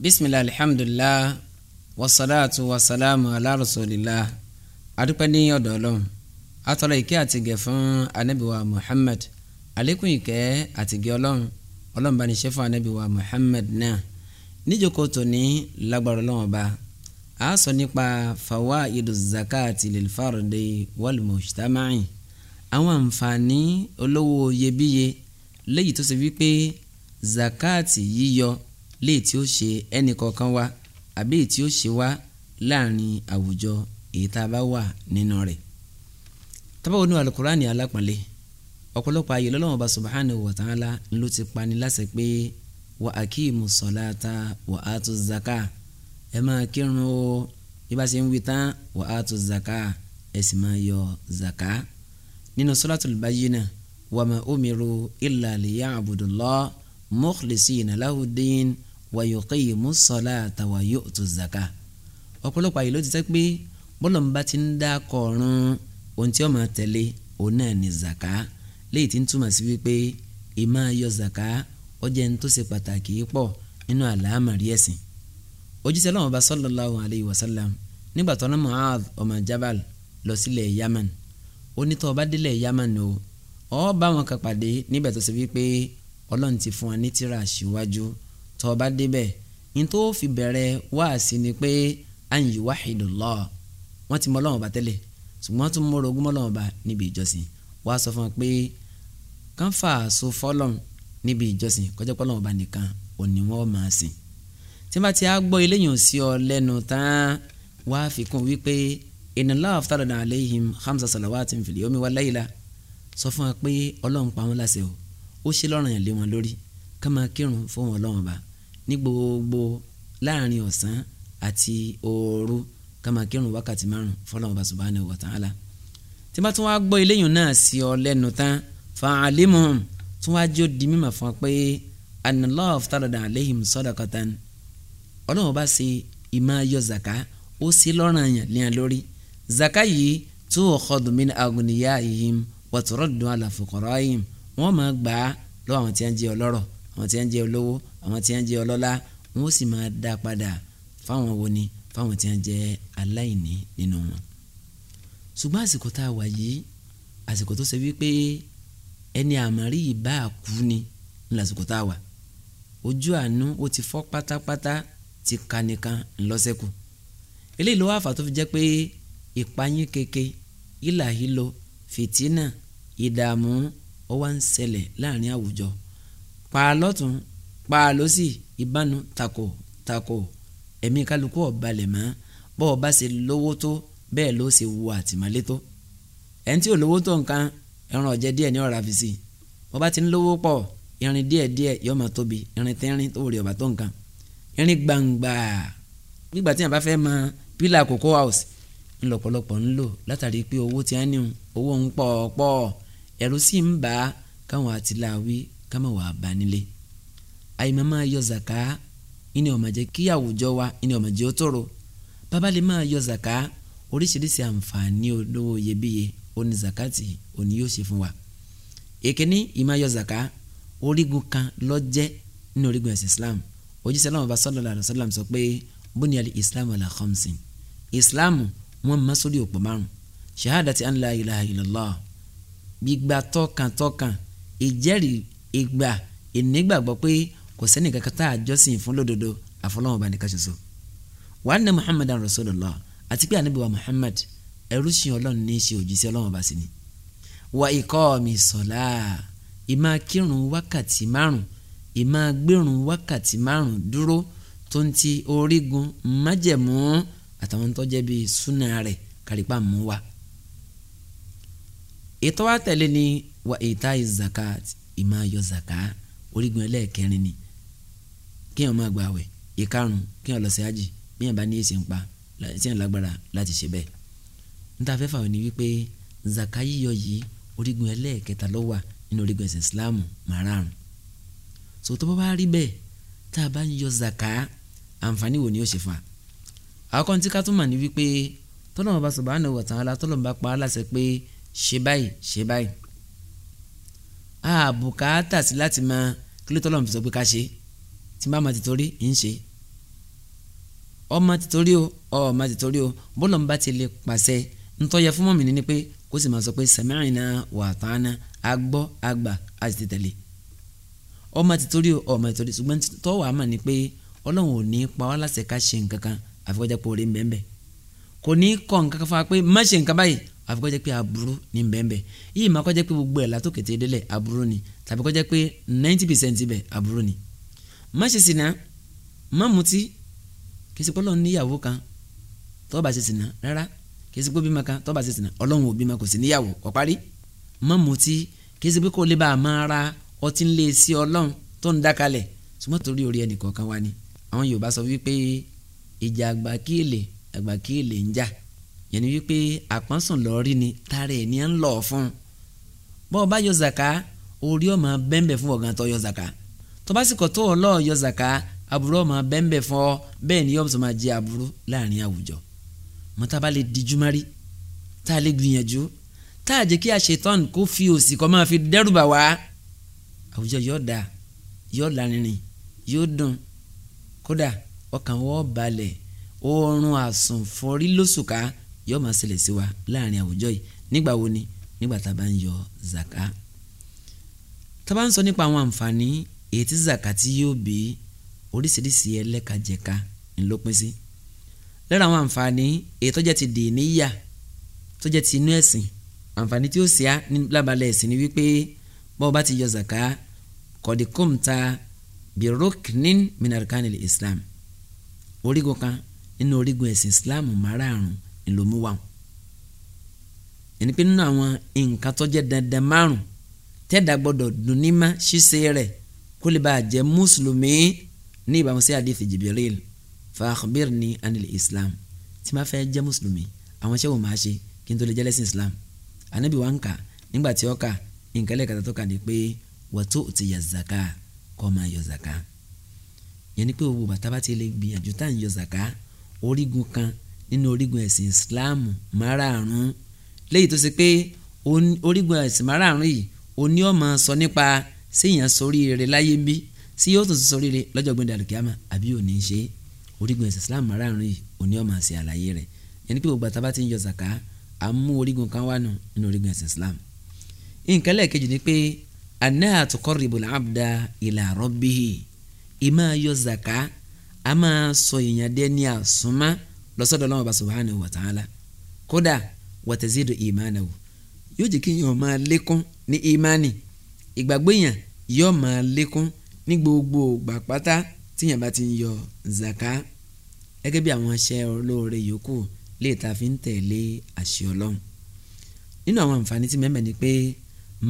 bisimilah alihamdulilah wasalaatu wasalaamu ala rasulillah adúpẹ́ ní ọ̀dọ̀ ọlọ́run atọ́lá ìkẹ́ àtìgẹ̀ fún anabiwa muhammad àlékún ìkẹ́ àtìgẹ̀ ọlọ́run ọlọ́run bá ní ṣe fún anabiwa muhammad náà níjókòó tòní lágbára ọlọ́run ọba a sọ nípa fawaidu zakati lil fardi wal mujtama'i àwọn àǹfààní olówó iyebíye léyìí tó ṣe wípé zakati yíyọ léè tí ó ṣe ẹnì kọ̀ọ̀kan wa àbí èyí tí ó ṣe wá láàrin àwùjọ èyí tá a bá wà nínú rẹ̀ tábàwọn ní alukurani alápọ̀nlé ọ̀pọ̀lọpọ̀ ayé lọ́lọ́wọ́n bá subhanahu wa ta'ala ló ti pani láṣẹ pé wa akimu salata wa atu zaka ẹ máa kírun o bí bá ṣe ń wí tán wa atu zaka ẹ sì máa yọ zaka nínú suratul bayyina wa ma umiru illa liya'budullah mukhlisina lahu din wa yuqimu salata wa yu'tu zaka ọ̀pọ̀lọpọ̀ àyè ló ti sẹ́ pé bọ́lọ̀ ń bá ti ń dá kọ̀ọ̀rùn ohun tí ó máa tẹ̀lé òun náà ni zaka léyìí tí ń túmọ̀ sí wípé ìmọ̀ ayọ̀ zaka ó jẹ́ ní tó ṣe pàtàkì pọ̀ nínú àlámọ̀rí ẹ̀sìn òjíṣẹ́ Ọlọ́hun Ọba sallallahu alayhi wa sallam nígbà tó ná Mu'adh ọmọ Jabal lọ sílẹ̀ Yaman ó ní délẹ̀ Yaman o ó bá wọn kan pàdé níbẹ̀ tó ṣe wípé ọlọ́run ti fún wa ní tírà síwájú tó o bá débẹ̀ ní tó fi bẹ̀rẹ̀ wáàsí ni pé àyìn wahidullah wọ́n ti mọ ọlọ́run ọba tẹ́lẹ̀ ṣùgbọ́n tún mọ orogún ọlọ́run ọba níbi ìjọsìn wàá sọ fún wa pé kán fà á so fọlọ́run níbi ìjọsìn kọjá pọ́lọ́run ọba nìkan òní wọ́n máa sìn tí wọ́n ti á gbọ́ eléyìí ò sí ọ lẹ́nu tán wàá fi kún wípé inna Allaha aftarada alayhim khamsa salawatin fil yawmi wal layla sọ fún wa pé ọlọ́run pa wọn láṣẹ o ó ṣe lọ́rùn yẹn lé wọn lórí ká máa kírun fún wọn lọ́wọ́n bá ní gbogbo láàrin ọ̀sán àti òru ká máa kírun wákàtí márùn fọlọ́wọ́n bá subhanahu wa ta'ala tí bá tún wá gbọ́ eléyìí náà sí ọ lẹ́nu tán fa'alimuhum tún wá jó di mímọ̀ fún ọ pé anallahu aftarada alayhim sadaqatan ọlọ́wọ́n bá ṣe ìmọ̀ ayọ̀ zaka ó sì lọ́ràn yàn lẹ́yìn lórí zaka yìí tó ọ̀kọ́dùnmí agùnìyá yìí wàtúrọ̀dùn ala fuqaraihim wọ́n máa gbà lọ́wọ́ àwọn tí wọ́n jẹ́ ọlọ́rọ̀ àwọn tí wọ́n jẹ́ olówó àwọn tí wọ́n jẹ́ ọlọ́lá wọ́n sì máa dá padà fáwọn wo ni fáwọn tí wọ́n jẹ́ aláìní nínú wọn. ṣùgbọ́n àsìkò tá a wà yìí àsìkò tó ṣe wípé ẹni àmọ́rí yìí bá a kú ni ńlásìkò tá a wà ojú àánú ó ti fọ́ pátápátá ti ka nìkan ńlọ́sẹ̀kù eléyìí ló wá fà tó fi jẹ́ pé ìpayín keke ìlà hílo fìtínà ìdààmú ó wá ń ṣẹlẹ̀ láàrin àwùjọ pààlọ́tún pààlọ́sì ìbánu tako tako ẹ̀mí kálukú ọ̀balẹ̀ mọ́ bọ́ ọ bá ṣe lówó tó bẹ́ẹ̀ ló ṣe wo àtìmọ́lé tó ẹni tí ò lówó tó nǹkan ẹran ọ̀jẹ̀ díẹ̀ ní ọ̀rá fi si bọ́ bá ti ń lówó pọ̀ irin díẹ̀ díẹ̀ yóò máa tóbi irin tínrín tó rí ọ̀bà tó nǹkan irin gbangba nígbà tí yàn bá fẹ́ mọ pílà cocoa house ńlọpọlọpọ ńlò látàrí pé owó tí a ní owó ń pọ̀ pọ̀ ẹ̀rù sì ń bà á káwọn àtìláwí kámọ̀ wà bá nílé àìmọ̀ máa yọ zàká ìní ọ̀mà jẹ́ kí àwùjọ wa ìní ọ̀mà jẹ́ ó tòrò bàbá lè máa yọ zàká oríṣiríṣi àǹfààní olówó iyebíye oní zakati òní yóò ṣe fún wa èkíní ìmọ̀ yọ zàká orígun kan lọ́jẹ́ nínú orígun ẹ̀sìn Islam òjíṣẹ́ aláwọ̀ bá sọ́dọ̀ làrá sọ́dọ̀ sọ pé bóni àlè Islam àlà khamsin Islam wọn mọ sórí òpó márùn shahadati an la ilaha illallah gbígba tọkàntọkàn ìjẹ́rìí ìgbà ìnígbàgbọ́ pé kò sẹ́ni kankan tá a jọ́sìn fún lódodo àfọlọ́wọn bá nìkan ṣoṣo. wàá ní muhammadan rasulullah àti pé ànábì wa muhammad ẹrú sìn ọlọ́run ní í ṣe òjíṣẹ́ ọlọ́run bá sí ni. wa iqamis salah ìmá kírun wákàtí márùn ìmá gbérun wákàtí márùn dúró tó ń ti orígun májẹ̀mú àtàwọn tó jẹ́ bíi súnà rẹ̀ kárípà mú wa ètò wa tẹ̀lé ni wa ètà zakat ìmọ̀ ayọ̀ zaka orígun ẹlẹ́ẹ̀kẹrin ni kéèyàn máa gbààwẹ̀ ìkarùn kéèyàn lọ sí àjì bíyàn bá ní èsì ń pa tíyàn lágbára láti ṣe bẹ́ẹ̀ níta fẹ́fà ò ní wípé zaka yíyọ yìí orígun ẹlẹ́ẹ̀kẹta ló wà nínú orígun ẹ̀sìn Islam márààrún so tó bá wá rí bẹ́ẹ̀ tá a bá ń yọ zaka àǹfààní wo ni ó ṣe fà àwọn ká tún mà ní wípé tọ́lọ́mọba subhanahu wa ta'ala pa á láṣẹ ṣe báyìí ṣe báyìí àbùkátà sí láti máa kílótọ́lọ́ fi sọ pé ká ṣe tí bá ma ti torí ń ṣe ọmọ ti torí o ọmọ ti torí o bọ́lọ̀ ń bá ti lè pàṣẹ ntọ́yẹ fún mọ́mìnì ni pé kó sì máa sọ pé sami'na wa ata'na agbọ́ agbà á tẹ̀lé ọmọ ti torí o ọmọ ti torí ṣùgbọ́n tọ́wọ́ àmà ni pé ọlọ́run ò ní pa wá láṣẹ ká ṣe nǹkan kan àfikọ́jà pé orí ń bẹ́ẹ̀ bẹ́ẹ̀ kò ní kọ́ nǹkan kan fún wa pé má ṣe nǹkan báyìí àfi kó jẹ́ pé aburú ní bẹ́ẹ̀nbẹ́ẹ̀ yìí máa kó pé gbogbo ẹ̀ látòkè tí délẹ̀ aburú ni tàbí kó pé ninety percent ibẹ̀ aburú ni. má ṣe sìnà má mutí kì í ṣe pé ọlọ́run níyàwó kan tó bá ṣe sìnà rárá kì í ṣe pé bímọ kan tó bá ṣe sìnà ọlọ́run ò bímọ kò sí níyàwó kò parí. má mutí kì ṣe pé kó lè bá a máa ra ọtí ńlẹ̀ sí ọlọ́run tó ń dákalẹ̀ ṣùgbọ́n torí orí ẹnì kọ̀ọ̀kan ni àwọn Yorùbá sọ wípé ìjà àgbà kílè àgbà kílè ń jà yẹn ni wípé àpọ́nsùn lọ rí ni tààrà ẹ̀ ní à ń lọ fún bọ́ ọ bá yọ zaka orí ọ̀ máa bẹ́ńbẹ̀ fún ọ̀gá tó yọ zaka tó bá sì kọ́ tó ọ̀ lọ́ọ̀ yọ zaka aburú ọ̀ máa bẹ́ńbẹ̀ fún ọ bẹ́ẹ̀ ni yọ̀ọ́ sọ máa jẹ aburú láàrin àwùjọ mọ́tà bá lè díjú márí tá a lè gbìyànjú tá a jẹ́ kí a ṣe tán kó fi òsì kọ́ máa fi dẹ́rùbà wá àwùjọ yóò da yóò lárinrin yóò dùn kódà ọkàn wọ́n balẹ̀ oorun àsùnfọ́rí lóṣùká yóò máa ṣẹlẹ̀ sí wa láàrin àwùjọ yìí nígbà wo ni nígbà tá a bá ń yọ zaka tá a bá ń sọ nípa àwọn àǹfààní èyí tí zaka tí yóò bí oríṣiríṣi ẹlẹ́kajẹ̀ka ńlọpin sí lára àwọn àǹfààní èyí tó jẹ́ ti dì níyà tó jẹ́ ti inú ẹ̀sìn àǹfààní tí ó ṣe á lábalẹ̀ ẹ̀sìn ni wípé bọ́ọ̀ bá ti yọ zaka kọ̀díkọ́mta birokinin minarkanil Islam orígun kan nínú orígun ẹ̀sìn Islam márààrún ńlọmú wa ẹni pé nínú àwọn nǹkan tó jẹ́ dandan márùn tẹ́dà gbọ́dọ̀ dùn ní má ṣíṣe rẹ̀ kó lè bàa jẹ́ mùsùlùmí ní ìbámu sí àdìsí Jibril fa akhbirni anil Islam tí ma fẹ́ jẹ́ mùsùlùmí àwọn ṣẹ́wọ̀n máa ṣe kí n tó lè jẹ́ lẹ́sìn Islam anabi wa ń kà nígbà tí ó kà nǹkan lẹ́ẹ̀ka tó kà ní pé wàtó ti yà zaka kọ́ máa yọ zaka yẹn ni pé owó bàtà bá ti lè gbìyànjú tá à ń yọ zaka orígun kan nínú orígun ẹ̀sìn Islam márààrún léyìí tó ṣe pé orígun ẹ̀sìn márààrún yìí oní ọmọ sọ nípa séèyàn ṣoríire láyé bí sí yóò tún ṣoríire lọ́jọ́ gbẹ̀dẹ̀ àlùkìyàmà àbí ò ní ṣe orígun ẹ̀sìn Islam márààrún yìí oní ọmọ ṣe àlàyé rẹ̀ yẹn ní pé gbogbo àtàbá ti ń yọ zaka à ń mú orígun kan wá nù nínú orígun ẹ̀sìn Islam nǹkan lẹ́ẹ̀kejì ni pé anáà tó kọ́ abda ila rabbihi ìmáa yọ zaka a máa sọ èèyàn dẹ́ni àsúnmá lọ́sọ̀dọ̀ Ọlọ́hun Ọba subhanahu wa ta'ala kódà wa tazidu imanahu yóò jẹ́ kí yàn máa lékún ní ìmánì ìgbàgbọ́ yàn yóò máa lékún ní gbogbo ìgbà pátá tí yàn bá ti ń yọ zaka gẹ́gẹ́ bí àwọn aṣẹ olóore yòókù lè ta fi ń tẹ̀lé àṣẹ Ọlọ́run nínú àwọn àǹfààní tí mẹ́mẹ́ ni pé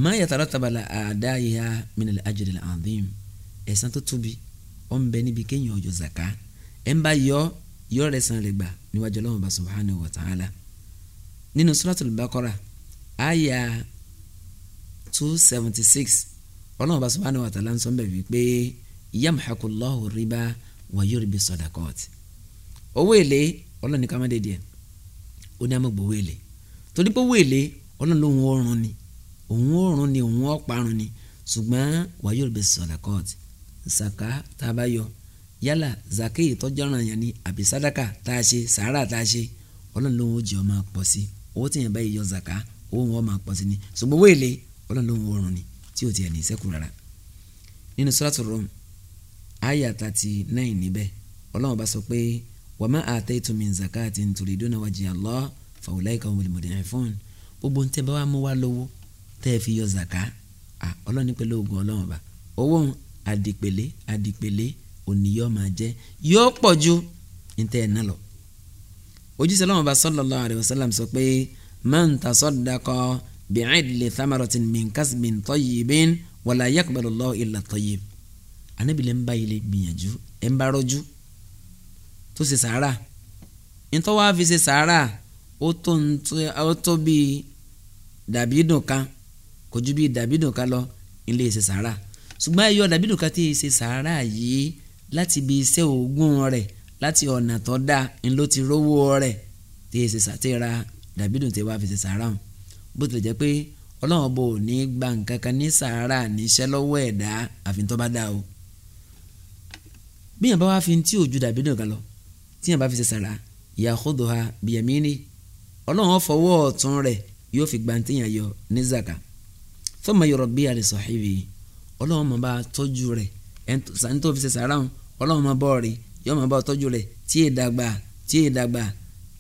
má yàtọ̀rọ̀ tabala àdá ìhà minal ajril azim tó tóbi ó ń bẹ níbi kéèyàn ó zaka ẹ̀ ń bá yọ yóò rẹ̀ san rẹ̀ gbà níwájú ọlọ́run bá subhanahu wa ta'ala nínú suratul baqara àyà two seventy six ọlọ́run bá subhanahu wa ta'ala ń sọ bẹ́ẹ̀ wípé yamhaqullahu riba wa yurbi sadaqat owó èlé ọlọ́run ní ká má ó ní àmọ́ gbowó èlé torí pé owó èlé ọlọ́run ló ń wọ́ọ̀rùn ni òun ọ̀run ni òun ọ̀parun ni ṣùgbọ́n wa yurbi sadaqat ṣàká tá a bá yálà zakeyi tọ́jọ́ràn yẹn ni àbí sadaka tá a ṣe sàárà tá a ṣe ọlọ́run ló ń jẹ́ ọmọ pọ̀ sí owó tí yẹn bá yọ zaka owó wọn máa pọ̀ sí ni ṣùgbọ́n owó èlé ọlọ́run ló ń wọrùn ni tí ò tiẹ̀ ní sẹ́kù rárá. nínú sọ́látù Rum àyà thirty nine níbẹ̀ ọlọ́run bá sọ pé wa ma ataytum min zakatin turiduna wajha Allah fa ulaika humul mud'ifun gbogbo ń tẹ́ bá wàá zaka ọlọ́run ní pẹ̀lú oògùn ọlọ́run bá owó òní yóò máa jẹ́ yóò pọ̀ ju níta ẹ̀ náà lọ. ojúṣe lọ́wọ́ bá sallallahu alaihi wasallam sọ pé man tasaddaqa bi'idli thamaratin min kasbin tayyibin wala yaqbalu Allahu illa tayyib. anábìlẹ̀ ń bá ilé gbìyànjú ẹ̀ ń bá rọ́jú tó ṣe sàárà ntọ́ wá fi ṣe sàárà ó tó ó tó bíi kan kò ju bíi dàbídùn kan lọ ilé ṣe sàárà ṣùgbọ́n ẹ̀yọ́ dàbídùn kan tí ì ṣe sàárà yìí láti ibi iṣẹ́ òògùn rẹ̀ láti ọ̀nà tó dá ńlọ ti rówó rẹ̀ tí èsì sàtìra dàbídùn tí wàá fi ṣe sàárà hàn bó tilẹ̀ jẹ́ pé ọlọ́run bò ní gba nǹkan kan ní sàárà níṣẹ́ lọ́wọ́ ẹ̀dá àfihàn tó bá dá o bí yàn bá wá fi tí òjú dàbídùn kan lọ tí yàn bá fi ṣe sàárà yàhódò ha bìyàmínì ọlọ́run fọwọ́ ọ̀tún rẹ̀ yóò fi gba tíyàn yọ ní zaka fọmọ yorùbá bí alẹ́ sọ̀hìbì ọlọ́run mọ̀ bá tọ́jú rẹ̀ ẹni tó fi ṣe sàárà hàn ọlọ́run máa bọ́ rè yóò máa bọ́ tọ́jú rẹ̀ tí è dàgbà tí è dàgbà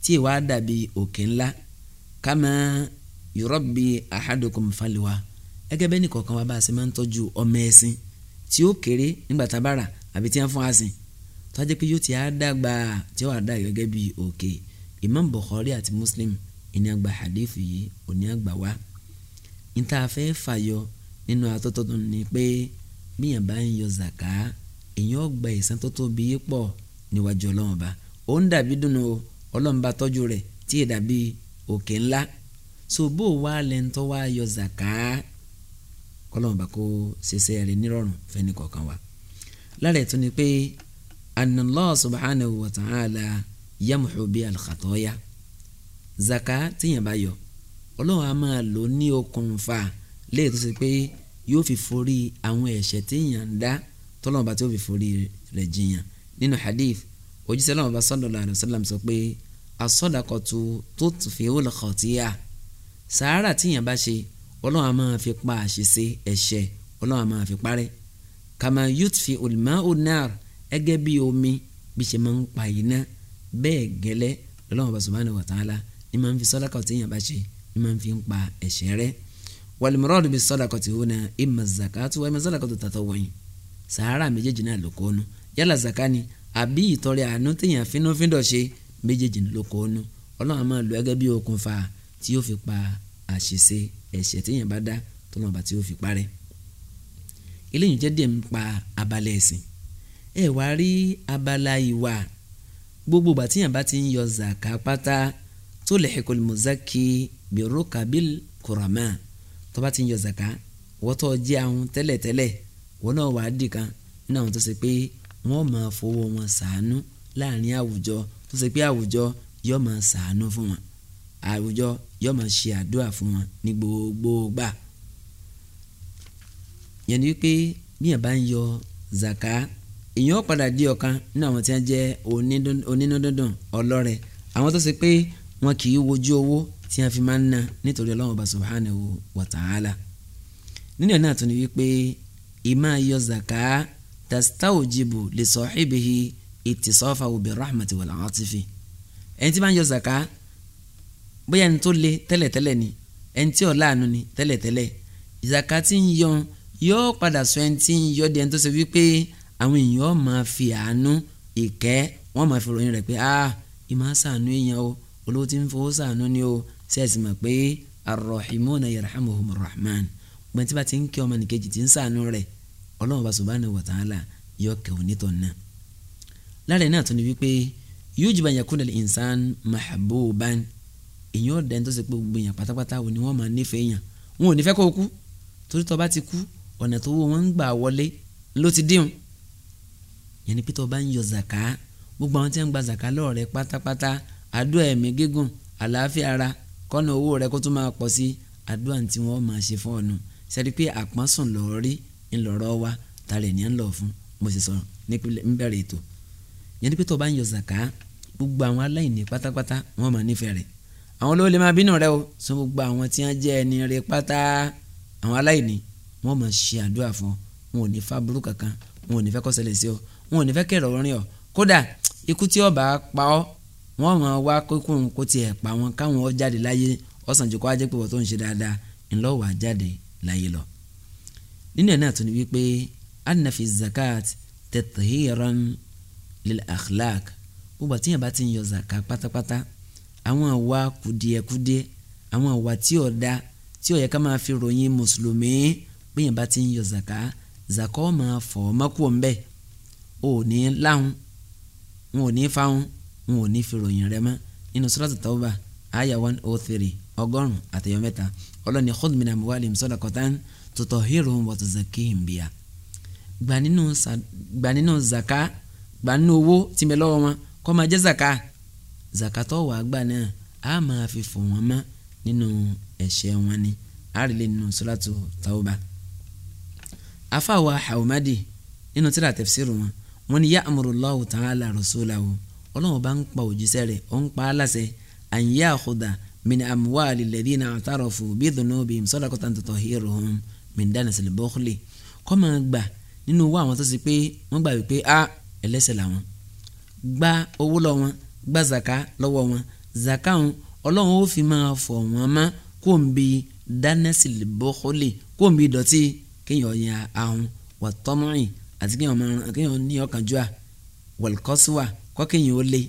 tí è wá dàbí òkè ńlá kama yurabbi ahadukum faliwa ẹgẹ́ bẹ́ẹ̀ ni kọ̀ọ̀kan wa bá a ṣe máa ń tọ́jú ọmọ ẹ̀sìn tí ó kéré nígbà tá a bá rà àbí tí wọ́n fún wa tó a jẹ́ pé yóò ti á dàgbà tí wàá dà gẹ́gẹ́ bí òkè Imam Bukhari àti Muslim ìní àgbà hadith yìí òní àgbà wa níta fẹ́ fàyọ nínú atọ́tọ́tún ni pé bíyàn bá ń yọ zaka èyàn ó gba ìsan tó tóbi yìí pọ̀ níwájú ọlọ́run ọba ó ń dàbí dùnú o ọlọ́run bá tọ́jú rẹ̀ tí ì dàbí òkè ńlá so bó wá lẹ́ńtọ́ wá yọ zàká kọ́lọ́run bá kó ṣiṣẹ́ rẹ̀ nírọ̀rùn fẹ́ni kọ̀ọ̀kan wa lára ẹ̀ tún ni pé anallahu subhanahu wa ta'ala yamhu bi al zaka tíyàn bá yọ ọlọ́run á máa lò ní okùnfà léè tó ṣe pé yóò fi forí àwọn ẹ̀ṣẹ̀ tíyàn ń dá tọ́lọ́mọba tí ó fi forí rẹ̀ jiyàn nínú hadith òjíṣẹ́ lọ́mọba sallallahu alaihi wasallam sọ pé asọ́dàkọ̀tù tó tù fi ó lọ́kọ̀ tí yá sàárà tíyàn bá ṣe ọlọ́run á máa fi pa àṣìṣe ẹ̀ṣẹ̀ ọlọ́run á máa fi parẹ́ kàmá yóò fi olùmọ onar ẹgẹ bíi omi bí ṣe máa ń pa iná bẹ́ẹ̀ gẹ́lẹ́ ọlọ́run subhanahu wa ta'ala ni máa ń fi sọ́dàkọ̀ tíyàn bá ṣe ni máa ń fi pa ẹ̀ṣẹ̀ rẹ́ wàlúmọ́rọ́ọ̀dù bí sọ́dàkọ̀ tí ó na ìmọ̀ zakatu wà ìmọ̀ sọ́dàkọ̀ tàtọ̀ wọ̀nyí Sahara méjèèjì náà ló kó nu yálà zaka ni àbí ìtọrẹ àánú téèyàn fínúfíndọ̀ ṣe méjèèjì ló kó nu ọlọ́run máa lo ẹgẹ́ bí okùnfà tí ó fi pa àṣìṣe ẹ̀ṣẹ̀ téèyàn bá dá tọ́nà ọba tí ó fi parẹ́ eléyìí jẹ́ díẹ̀ nípa abala ẹ̀sìn ẹ wá rí abala ìwà gbogbo ìgbà tíyàn bá ti ń yọ zaka pátá tó lè hekol muzaki birukabil kurama tó bá ti ń yọ zaka wọ́tọ̀ jẹ́ àwọn tẹ́lẹ̀tẹ́lẹ̀ wọn náà wàá dì kan nínú àwọn tó ṣe pé wọ́n máa fowó wọn ṣàánú láàrin àwùjọ tó ṣe pé àwùjọ yóò máa ṣàánú fún wọn àwùjọ yóò máa ṣe àdúrà fún wọn ní gbogbo gbà yẹn ni wípé bí yẹn bá ń yọ zaka èèyàn padà di ọ̀kan nínú àwọn tí wọ́n jẹ́ onínúdúndùn ọlọ́rẹ̀ àwọn tó ṣe pé wọn kì í wojú owó tí wọ́n fi máa ń ná nítorí Ọlọ́run Ọba subhanahu wa ta'ala nínú ẹ̀ náà tún ni wípé ìmọ̀ ayọ̀ zaka tastawjibu li sahibihi ittisafahu bi rahmati wal atifi ẹni tí bá ń yọ zaka bóyá ẹni tó le tẹ́lẹ̀tẹ́lẹ̀ ni ẹni tí ò láàánú ni tẹ́lẹ̀tẹ́lẹ̀ zaka tí ń yọ yóò padà sọ ẹni tí ń yọ di ẹni tó ṣe wípé àwọn èèyàn máa fi àánú ìkẹ́ wọ́n máa fi ròyìn rẹ̀ pé ah ìmọ̀ sàánú èèyàn o olówó tí ń fowó sàánú ni o sẹ́ẹ̀sì mọ̀ pé arrahimuna yarhamuhumur rahman gbọ̀n tí bá ti ń kí ọmọ nìkejì tí ń sàánú rẹ̀ ọlọ́run bá subhanahu wa ta'ala yọ kẹ̀wọ́ nítọ̀ náà lára iná tún ni wípé yujibu an yakuna al-insan mahbuban èyàn ọ̀dà ẹni tó ṣe pé gbogbo èèyàn pátápátá wo ni wọ́n máa nífẹ̀ẹ́ èèyàn wọn ò nífẹ̀ẹ́ kó o kú torí tó bá ti kú ọ̀nà tó wọ́n ń gbà wọlé ló ti dín yẹn ni pé tó bá ń yọ zàká gbogbo àwọn tí wọ́n ń gba zàká lọ́ọ̀rẹ́ pátápátá àdúrà ẹ̀mí gígùn àlàáfíà ara kọ́nà owó rẹ kó tún máa pọ̀ sí àdúrà tí wọ́n máa ṣe fún ọ̀nù sẹ́ni pé àpọ́nsùn lọ́ọ́ rí ńlọrọ wa tààrẹ ní à ń lọ fún mo sì sọ níbẹ̀rẹ̀ ètò yẹn ni pé tó bá ń yọ zaka gbogbo àwọn aláìní pátápátá wọn máa nífẹ̀ẹ́ rẹ̀ àwọn olówó lè máa bínú rẹ o sọ gbogbo àwọn tí wọn jẹ ẹni rẹ pátá àwọn aláìní wọn máa ṣe àdúrà fún ọ wọn ò ní fa burú kankan wọn ò ní fẹ́ kó ṣẹlẹ̀ sí ọ wọn ò ní fẹ́ kẹ̀rọ orin ọ kódà ikú tí ọba pa ọ wọn máa wá kíkún kó tiẹ̀ pa wọn káwọn ọ jáde láyé ọ̀sán jù kó ajẹ́ pé wọ́n tó ń ṣe dáadáa ńlọ́wọ́ àjáde láyé lọ nínú ẹ̀ náà tún ni wípé anafi zakat tẹ̀tẹ̀hìrán lil akhlaq gbogbo àti yẹn bá ti ń yọ zaka pátápátá àwọn àwa kùdìẹ̀kùdìẹ̀ àwọn àwa tí ò da tí ò yẹ ká máa fi ròyìn mùsùlùmí pé yẹn bá ti ń yọ zaka zaka ọ̀ máa fọ̀ mọ́kù ọ̀nbẹ́ ò ní láhùn n ò ní fáhùn n ò ní fi ròyìn rẹ mọ́ nínú suratu tauba àyà one oh three ọgọ́rùn-ún àtẹ̀yọ́ ọlọ́ni khudh min amwalihim tutahhiruhum wa tuzakkihim biha gbà nínú gbà nínú zaka gbà nínú owó tí mẹ wọn kó máa jẹ́ zaka zaka tó wàá gbà náà á máa fi fò wọ́n mọ́ nínú ẹ̀ṣẹ̀ wọn ni á rí lé nínú suratu tauba afáwa haumadi nínú tíra tafsiru wọn wọn ni ya'muru Allahu ta'ala rasulahu ọlọ́run bá ń pa òjíṣẹ́ rẹ̀ ó ń pa á láṣẹ an ya'khudha min amwali alladhina i'tarafu bidhunubihim sadaqatan tutahhiruhum mìndánà sílẹ̀ bọ́ọ̀lì kọ́ máa gbà nínú owó àwọn tó pé wọ́n gbà wípé a ẹlẹ́sẹ̀ làwọn gba owó lọ wọn gba zaka lọ́wọ́ wọn zaka wọn ọlọ́run ó fi máa fọ̀ wọ́n mọ́ kó ń bi dáná sílẹ̀ bọ́ọ̀lì kó ń bi dọ̀tí kéèyàn yan ahun wà tọ́mọ́rìn àti kéèyàn ní ọ̀kánjúwà wọ̀lkọ́síwà kọ́ kéèyàn ó lé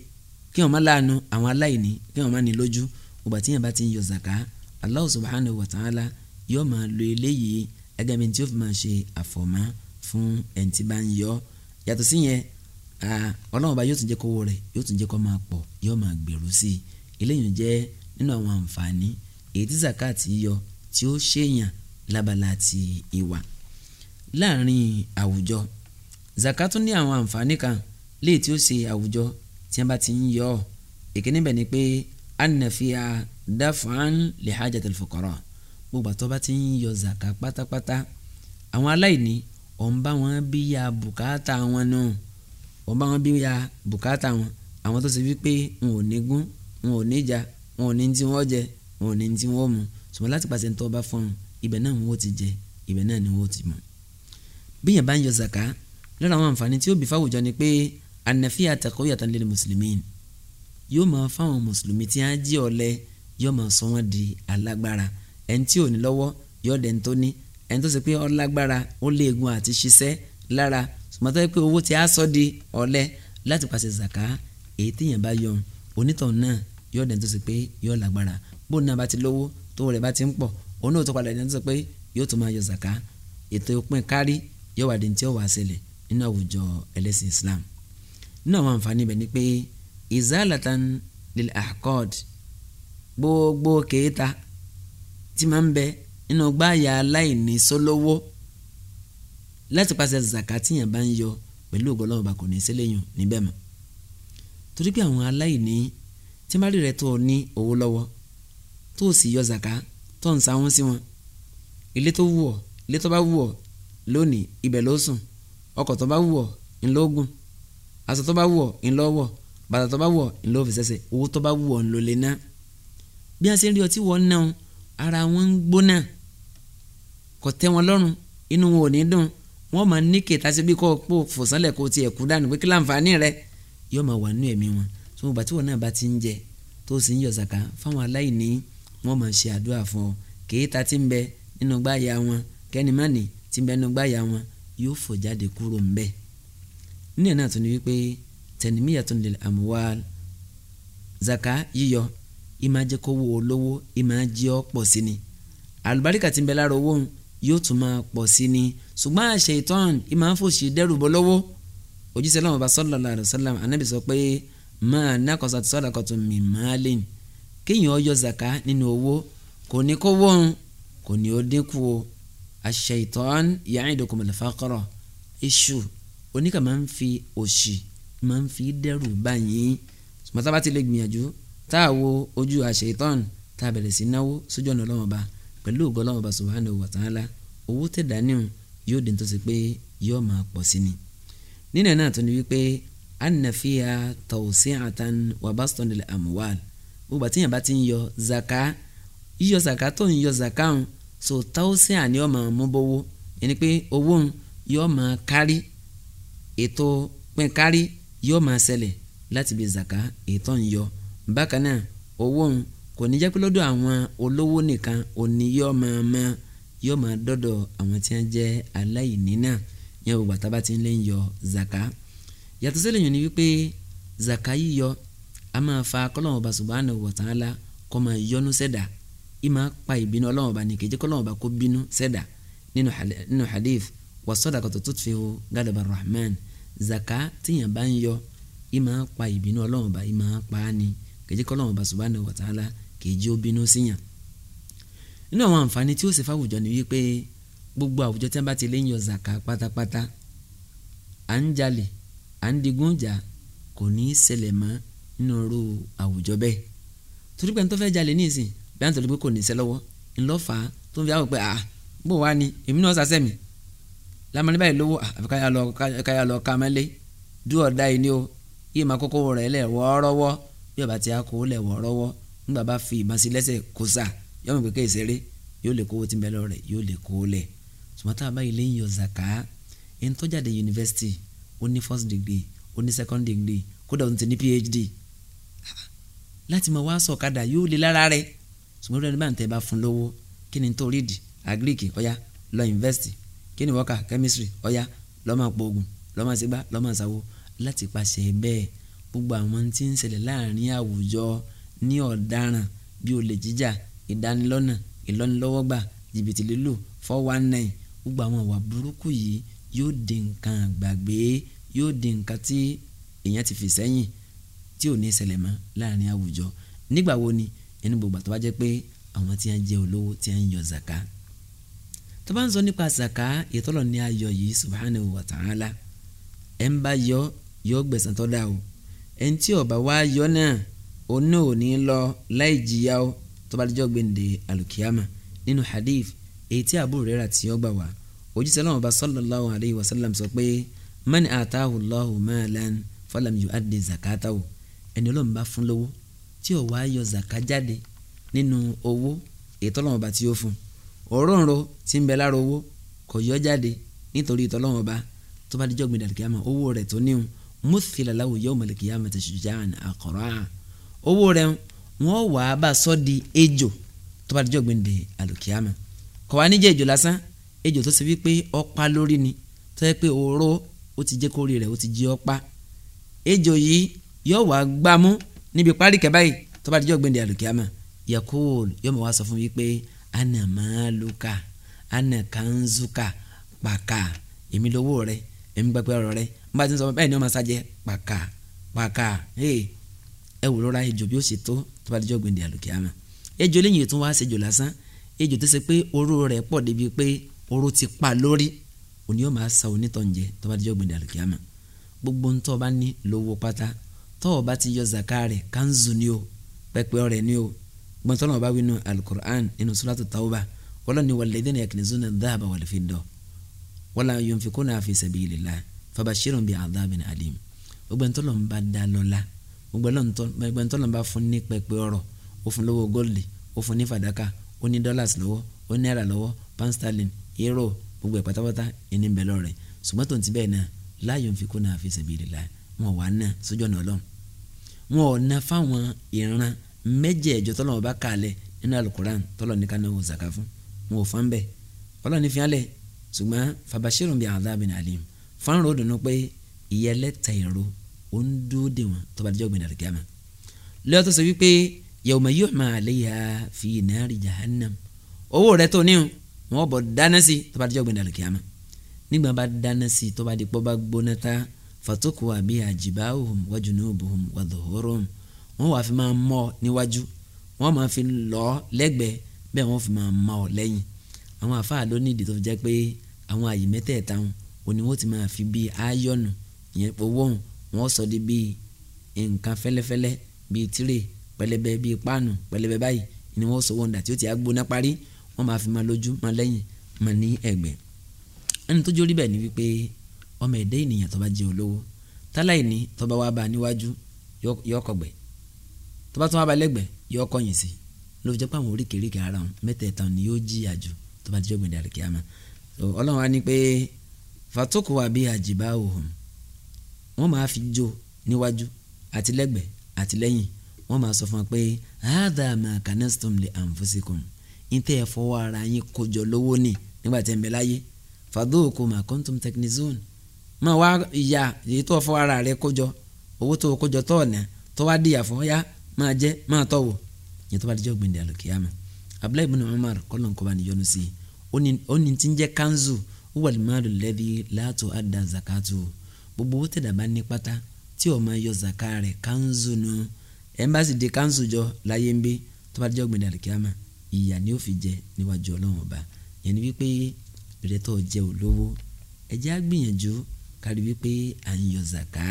kéèyàn má láàánú àwọn aláìní kéèyàn má ní lójú ọgbà tíyàn bá ti ń yọ zaka Allah subhanahu wa ta'ala yóò máa lo eléyìí gẹ́gẹ́ bí tí ó fi máa ṣe àfọ̀mọ́ fún ẹni tí bá ń yọ yàtọ̀ sí yẹn ọlọ́run bá yóò tún jẹ́ kówó rẹ̀ yóò tún jẹ́ kó máa pọ̀ yóò máa gbèrú sí i eléyìí jẹ́ nínú àwọn àǹfààní èyí tí zakat yọ tí ó ṣèyàn lábala ti ìwà láàrin àwùjọ zakat ní àwọn àǹfààní kan léè tí ó ṣe àwùjọ tí wọ́n bá ti ń yọ ọ ìkíní bẹ̀ ni pé anàfíà dáfàán lè hajjatil fuqara gbogbo àtọ́ bá ti ń yọ zàká pátápátá àwọn aláìní ọ̀n bá wọn bí ya bùkátà wọn náà ọ̀n bá wọn bí ya bùkátà wọn àwọn tó ṣe wípé n ò ní gún n ò ní jà n ò ní tí wọ́n jẹ n ò ní tí wọ́n mu ṣùgbọ́n láti pàṣẹ tó bá fọ́n ibẹ̀ náà wọ́n ti jẹ ibẹ̀ náà ni wọ́n ti mu. bí yẹn bá ń yọ zàká lọ́dọ̀ àwọn àǹfààní tí ó bí fáwùjọ ni pé ànàfíà taqawiyatan lil muslimin yóò máa fáwọn mùsùlùmí tí á jí ọ̀lẹ yóò máa sọ wọ́n di alágbára ẹni tí ò ní lọ́wọ́ yóò dẹni tó ní ẹni tó ṣe pé ó lágbára ó léegun àti ṣiṣẹ́ lára sọmọtọ́ pé owó ti á di ọ̀lẹ láti pàṣẹ zaka èyí tíyàn bá yọ onítọ̀hún náà yóò dẹni tó ṣe pé yóò lágbára bóun náà bá ti lówó tó rẹ̀ bá ti ń pọ̀ òun náà tó padà dẹni ṣe pé yóò tó máa yọ zaka ètò òpin kárí yóò wà di ní ó wà ṣẹlẹ̀ nínú àwùjọ ẹlẹ́sìn Islam nínú àwọn àǹfààní ibẹ̀ ni pé ìzálàtàn lil ahqad gbogbo kéèta tí máa ń bẹ nínú ọgbà àyà aláìní sọlọ́wọ́ láti pàṣẹ zaka tíyàn bá ń yọ pẹ̀lú ògo Ọlọ́run bá kò ní sílẹ̀yìn níbẹ̀ mọ́ torí pé àwọn aláìní tí má rí rẹ̀ tó ní owó lọ́wọ́ tó sì yọ zaka tó ń sáwọn sí wọn ilé tó wù ọ́ ilé tó bá wù ọ́ lónìí ibẹ̀ ló sùn ọkọ̀ tó bá wù ọ́ ńlọ́gùn aṣọ tó bá wù ọ́ ńlọ́wọ́ bàtà tó bá wù ọ́ ńlọ́fẹsẹsẹ owó tó bá wù ọ́ ńlọ́lẹ́ná bí a ṣe ń rí ọtí wọ́n náà ara wọn ń gbóná kò tẹ́ wọn lọ́rùn inú wọn ò ní dùn wọ́n máa ní kètà síbi kọ́ pò fòsánlẹ̀ kó tiẹ̀ kú dànù pé kí láǹfààní rẹ yóò máa wà nínú ẹ̀mí wọn tó gbà tí wọn náà bá ti ń jẹ tó sì ń yọ sàkà fáwọn aláìní wọ́n máa ṣe àdúrà fún ọ kèéta tí ń bẹ nínú gbáyà wọn kẹ́nìmánì tí ń bẹ nínú gbáyà wọn yóò fò jáde kúrò ń bẹ. nínú náà tún ni wípé tẹ̀nìmíyà tún lè àmúwá zaka yíyọ ìmọ̀ ajẹ́ kó wo olówó ìmọ̀ ajẹ́ ọ pọ̀ sí ni àlùbáríkà tí ń bẹ lára owó yóò tún máa pọ̀ sí ni ṣùgbọ́n àṣẹ ìtọ́n ìmọ̀ àfòṣì dẹ́rù bọ́ lọ́wọ́ òjíṣẹ́ láwọn ọba sallallahu alaihi wasallam anábì sọ pé máa nákọ̀sà ti sọ́dà kọ̀tún mi máa lè ní kéèyàn ó yọ zaka nínú owó kò ní kó wọ́n kò ní ó dínkù o àṣẹ ìtọ́n ya'idukumul faqra iṣu oníkà máa ń fi òṣì máa ń fi dẹ́rù báyìí tá a wo ojú àṣetán tá a bẹ̀rẹ̀ sí náwó sójú ọ̀nà ọlọ́wọ́n ba pẹ̀lú ògo ọlọ́wọ́n ba subhanahu wa ta'ala owó tẹ̀ dánìún yóò di tó pé yóò máa pọ̀ sí ni. nínú ẹ̀ náà tó ni wípé anàfíà tawsi'atan wa bastan lil amwal gbogbo àti yàn bá ti ń yọ zaka yíyọ zaka tó ń yọ zaka ń so tawsi'a ni yóò máa mú bọ́wọ́ ẹni pé owó ń yóò máa kárí ètò pínkárí yóò máa ṣẹlẹ̀ láti bí zaka ètò ń yọ bákan náà owó òun kò ní jẹ́ pé lọ́dọ̀ àwọn olówó nìkan òní yóò máa ma yóò máa dọ́dọ̀ àwọn tí wọ́n jẹ́ aláìní náà yẹn gbogbo àtàbà tí ń lè yọ zaka yàtọ̀ sílẹ̀ yìí ni wípé zaka yíyọ a máa fa kọ́lọ́wọ́n ọba subhanahu wa ta'ala kó máa yọnu sẹ́dà í máa pa ìbínú ọlọ́wọ́n ọba ní kejì kọ́lọ́wọ́n ọba kó bínú sẹ́dà nínú hadith wa sadaqatu tutfi'u ghadaba rahman zaka tíyàn bá ń yọ í máa pa ìbínú ọlọ́wọ́n ọba í máa pa á ni kejì kọ́lọ́mù bá subhanahu wa ta'ala kejì ó bínú síyàn. nínú àwọn àǹfààní tí ó sì fáwùjọ ni wípé gbogbo àwùjọ tí wọ́n bá ti lè yan zaka pátápátá à ń jalè à ń digun jà kò ní í ṣẹlẹ̀ mọ́ nínú irú àwùjọ bẹ́ẹ̀ torí pé nítorí fẹ́ jalè ní ìsìn bí wọ́n torí pé kò ní í ṣẹ́ lọ́wọ́ ńlọ́fà tó ń fi àwọn pé à ah, bó wá ni èmi náà sàṣẹ́ mi lamani báyìí lówó ah, àfi káyà lọ káyà lọ kàmẹ́lẹ́ dúọ̀dá yìí ni ó yìí máa kókó rẹ̀ yóò bá ti á kó lẹ̀ wọ̀ rọ́wọ́ nígbà bá fi ìbọn sí lẹ́sẹ̀ kó sà yóò mọ̀ pé kéè ṣeré yóò lè kówó tí ń bẹ lọ rẹ̀ yóò lè kó lẹ̀ sùmọ́tà báyìí lè yọ zaka ẹni tó yunifásitì ó ní first degree ó ní second degree kódà òun ti ní phd ah, láti mọ̀ wá sọ̀kadà yóò lè lára rẹ̀ sùmọ́tà ẹni bá ń tẹ́ bá fún lówó kí ni tó rídì agiriki ọ̀ya lọ yunifásitì kí ni wọ́kà chemistry ọ̀ya lọ́mọ àpò ogun lọ́mọ àṣegbá lọ́mọ àṣàwọ̀ láti pàṣẹ bẹ́ẹ̀ gbogbo àwọn tí ń ṣẹlẹ̀ láàrin àwùjọ ní ọ̀daràn bí olè jíjà ìdánilọ́nà ìlọ́nilọ́wọ́gbà jìbìtì lílù four one nine gbogbo àwọn ìwà burúkú yìí yóò di nǹkan àgbàgbé yóò di nǹkan tí èèyàn ti fi sẹ́yìn tí ò ní ṣẹlẹ̀ mọ́ láàrin àwùjọ nígbà wo ni ẹni gbogbo àtọ́wá jẹ́ pé àwọn tí wọ́n jẹ́ olówó tí wọ́n ń yọ zaka tó bá ń sọ nípa zaka ìtọ́lọ̀ ní ayọ̀ yìí subhanahu wa ta'ala ẹ̀ ń bá yọ yọ gbẹ̀san tó dáa o ẹni tí ọba wa yọ náà oní òní lọ láì jìyà ó tó bá gbèǹde alùkìyàmà nínú hadith èyí tí Abu Hurairah tí ó gbà wá òjíṣẹ́ náà ọba sallallahu alayhi wa sallam sọ pé mani ataahu Allahu maalan falam yu'addi zakatahu ẹni Ọlọ́run bá fún lówó tí ó wá yọ zaka jáde nínú owó èyí tọ́lọ́run ọba tí ó fún òróǹro tí ń bẹ lára owó kò yọ jáde nítorí tọ́lọ́run ọba tó bá gbèǹde alùkìyàmà owó rẹ̀ tó níhun mùsùlùmí aláwọ yóò mọ̀lẹ́kì yá mẹ́tẹ̀ ṣùjáàn àkọ́rọ́ à owó rẹ̀ wọ́n wà á bá sọ di ejò tó bá dijọ́ gbẹ̀ǹde àlùkìyàmẹ́ kọ̀ wá níjẹ́ ejò lásán ejò tó ṣe wípé ọ̀pá lórí ni tó yẹ pé oró ó ti jẹ́ kórè rẹ̀ ó ti jẹ́ ọ̀pá ejò yìí yóò wà á gbámú níbi parí kẹ́ báyìí tó bá dijọ́ gbẹ̀ǹde yakul yóò mọ̀ sọ fún wípé ana maluka ana kanzuka pàkà èmi lówó rẹ èmi gbàgbé ọ̀rọ̀ rẹ bá ti ń sọ bẹ́ẹ̀ ni wọ́n máa ṣàjẹ́ pàkà pàkà ẹ wò lọ́ra ejò bí ó ṣe tó tó bá dijọ́ gbèndé àlùkìyàmà ejò lẹ́yìn ètò wa ṣejò lásán ejò tó ṣe pé oró rẹ̀ pọ̀ débi pé oró ti pa lórí òní yóò máa sa onítọ̀njẹ tó bá dijọ́ gbèndé àlùkìyàmà gbogbo ń tọ́ bá ní lówó pátá tọ́ ọ bá ti yọ zaka rẹ̀ kanzu ni o pẹpẹ ọrẹ ni o gbọ́ntàn náà bá wí nù alukur'an nínú suratu tawba wọ́n lọ́ni walladhina yaknizuna dhahaba wal fidda wala yunfikuna fi sabilillah fabashirun bi adhabin alim gbogbo ẹ̀ńtọ́lọ̀ ń bá dá lọ́la gbogbo ẹ̀ńtọ́lọ̀ ń bá fún ní pẹpẹ ọ̀rọ̀ ó fún lówó góòlì ó fún ní fàdákà ó ní dọ́là lọ́wọ́ ó ní náírà lọ́wọ́ sterling euro gbogbo ẹ̀ pátápátá ẹni bẹ̀ lọ́rẹ̀ ṣùgbọ́n tó ń ti bẹ́ẹ̀ náà láàyò ń fi kó náà fi sabilillah wọn wà náà sójú ọ̀nà ọlọ́run wọn ò ná fáwọn ìran mẹ́jẹ̀ẹ̀jọ tọ́lọ́run bá kalẹ̀ nínú alukuran tọ́lọ́run ní kánáwó zaka fún wọn ò fọ́n bẹ́ẹ̀ ọlọ́run fi hàn lẹ̀ ṣùgbọ́n fabashirun bi adhabin alim fáwọn òdùnnú pé ìyá ẹlẹ́ta ìró ó ń dúró dè wọ́n tó bá dijọ́ gbìn dàrí kíámà lọ́yọ́ tó sọ wípé yawma yuhma alayha fi nari jahannam owó rẹ tó níhun wọn bọ̀ dáná sí tó bá dijọ́ gbìn dàrí kíámà nígbà bá dáná sí tó bá di pọ́ bá gbóná ta fatukuwa biha jibahum wa junubuhum wa dhuhurum wọn wàá fi máa mọ́ níwájú wọn máa fi lọ ọ lẹ́gbẹ̀ẹ́ wọn fi máa mọ́ ọ àwọn àfáà ló tó fi jẹ́ pé àwọn àyè mẹ́tẹ̀ẹ̀ta wọn òní wọ́n ti máa fi bíi ayọ́nù ìyẹn owó òun wọ́n sọ di bíi nǹkan fẹ́lẹ́fẹ́lẹ́ bíi tírè pẹlẹbẹ bíi páànù pẹlẹbẹ báyìí ni wọ́n sọ wọn dà tí ó ti agbóná parí wọ́n máa fi máa lójú máa lẹ́yìn máa ní ẹ̀gbẹ́ ẹni tó jórí bẹ́ẹ̀ ni wípé ọmọ ẹ̀dá ènìyàn tó bá jẹ́ olówó táláì ní tó bá wá bá a níwájú yọ kọgbẹ́ tó bá tún wá bá lẹ́gbẹ̀ẹ́ yọ kọyìn sí ló jẹ́ pé àwọn oríkèéríkèé ara wọn mẹ́tẹ̀ẹ̀ta ni yóò jìyà jù tó bá jẹ́ ògbìn dàrí kíá ma ọlọ́run á ní pé fatoko wa bíi àjìbá òhun wọ́n máa fi jó níwájú àti lẹ́gbẹ̀ẹ́ àti lẹ́yìn wọ́n máa sọ fún wa pé hadha ma kana li anfusikum ntẹ́ ẹ fọwọ́ ara yín kójọ lówó ni nígbà tẹ́ ń bẹ láyé fadoko ma kuntum teknizun ma wá ìyá èyí tó fọwọ́ ara rẹ kójọ owó tó kójọ tó tó wá di ìyàfọ́ ya máa jẹ máa tọ̀ wò yẹn tó bá dijọ́ gbẹ̀ndẹ̀ àlùkìyàmà Abdullahi ibn Umar kọ́lọ́nkọ́ba níyọnu sí i ó ní ti ń jẹ́ kanzu huwa al-malu alladhi la tu'adda zakatu gbogbo owó tẹ̀dá bá ní pátá tí o máa yọ zaka rẹ̀ kanzu nù ẹ̀ńbàsì di kanzu jọ láyé ń bí tó bá dijọ́ gbẹ̀dẹ̀ àlùkìyàmà ìyà ni ó fi jẹ níwájú ọlọ́run ọba yẹn ni wípé rẹ̀ tó jẹ́ olówó ẹ̀jẹ̀ á gbìyànjú kárí wípé à ń yọ zaka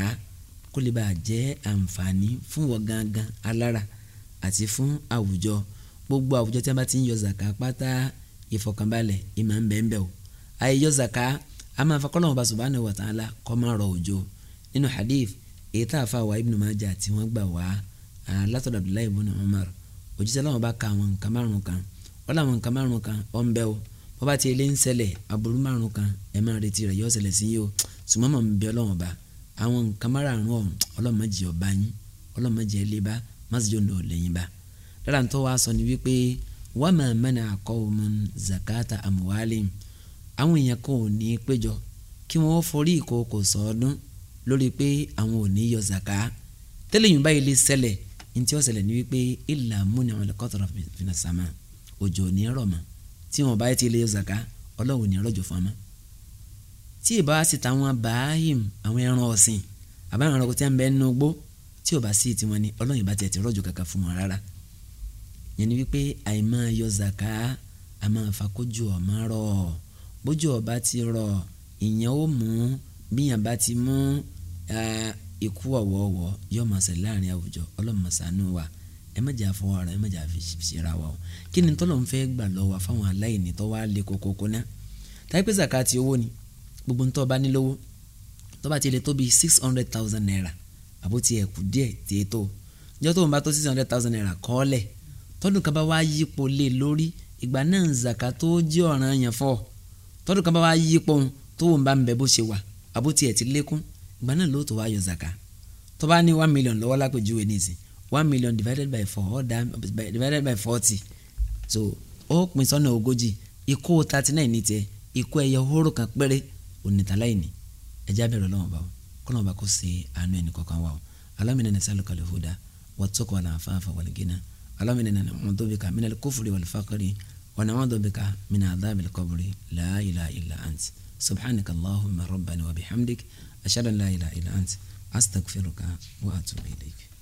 kó lè bàa jẹ́ àǹfààní fún wọ gangan alára àti fún àwùjọ gbogbo àwùjọ tí a bá ti ń yọ zaka pátá ìfọ̀kànbalẹ̀ ìmọ̀ ń bẹ́ẹ̀ bẹ́ẹ̀ o àìyọ zaka a máa fa kọ́lọ́mù bá subhanahu wa ta'ala kọ́ máa rọ òjò hadith èyí tá wa ibnu maja tí wọ́n gbà wá látọ̀dọ̀ abdullahi ibn umar òjíṣẹ́ láwọn bá ka àwọn nǹkan márùn kan wọ́n làwọn nǹkan márùn kan ọ̀n bẹ́ o wọ́n bá ti ilé ń ṣẹlẹ̀ aburú márùn kan ẹ̀ máa retí rẹ̀ yóò ṣẹlẹ̀ sí yìí o ṣùgbọ́n mọ̀ ń bẹ ọlọ́wọ́n àwọn nǹkan márùn ọ̀hún ọlọ́run má jẹ́ ọba yín ọlọ́run má jẹ́ ilé bá má sì jẹ́ ọ̀nà òlẹ́yìn bá lára tó wàá ni wípé wọ́n máa mẹ́nà àkọ́ zakata amwalihim àwọn èèyàn kan ò ní péjọ kí wọ́n forí ìkòkò sọ́ọ́dún lórí pé àwọn ò ní yọ zaka tẹ́lẹ̀ yìí báyìí lè ṣẹlẹ̀ ntí ó ṣẹlẹ̀ ní wípé ìlà múni àwọn ẹ̀kọ́tọ̀rọ̀ fìnnàsámà òjò ò ní rọ̀ mọ́ tí wọn bá ti lè yọ zaka ọlọ́run ò ní rọ̀jò fún ọmọ. tí ìbá sì táwọn báyìm àwọn ẹran ọ̀sìn àbáwọn ẹranko tí wọn bẹ nínú gbó tí ò bá sí ti wọn ni ọlọ́run ìbá tiẹ̀ ti rọ̀jò kankan fún wọn rárá. yẹn ni wípé àìmọ́ yọ zaka àmọ́ àfakójú ọ̀ máa rọ̀ ọ́ bójú ọba ti rọ ìyẹn ó mú bíyàn bá ti mú ikú ọ̀wọ̀ọ̀wọ̀ yóò máa ṣẹlẹ̀ láàrin àwùjọ ọlọ́mọ ṣàánú wa ẹ mẹjà fọwọ́ ara ẹ mẹjà fi ṣera wa o kí ni tọ́lọ̀ ń fẹ́ gbà lọ wa fáwọn aláìní tó wá lé kókókó ná táyipẹ́ zakati owó ni gbogbo ntọ́ bá nílówó tó bá ti lè tó six hundred thousand naira àbó tiẹ̀ kù díẹ̀ tiẹ̀ tó jọ́ tó ń bá tó six hundred thousand naira kọ́ọ́lẹ̀ tọ́dún kan bá wá yípo lé lórí ìgbà náà zaka tó jẹ́ ọ̀ranyàn fọ́ọ̀ tọ́dún kan bá wá yí pọ́n tó wọ́n bá ń bẹ bó ṣe wà àbó tiẹ̀ ti lékún ìgbà náà ló wá yọ zaka tó bá ní one million lọ́wọ́ lápèjúwe nísìn one million divided by four ó divided by forty so ó pín sọ́nà ogójì ikú thirty nine ní tiẹ̀ ikú ẹyẹ hóró kan péré onítàláyìn ni ẹja bẹ̀rẹ̀ lọ́wọ́ bá kọ́nà bá kó ṣe àánú ẹni kọ̀ọ̀kan wà o alámìnà ní sálùkà lè fò dá wàtúkọ̀ àlàáfáà fà wàlẹ̀ alámìnà ní mọ̀tòbíkà mìnà kófòrè wàlẹ̀ ونعوذ بك من عذاب القبر لا إله إلا أنت سبحانك اللهم ربنا وبحمدك أشهد أن لا إله إلا أنت أستغفرك وأتوب إليك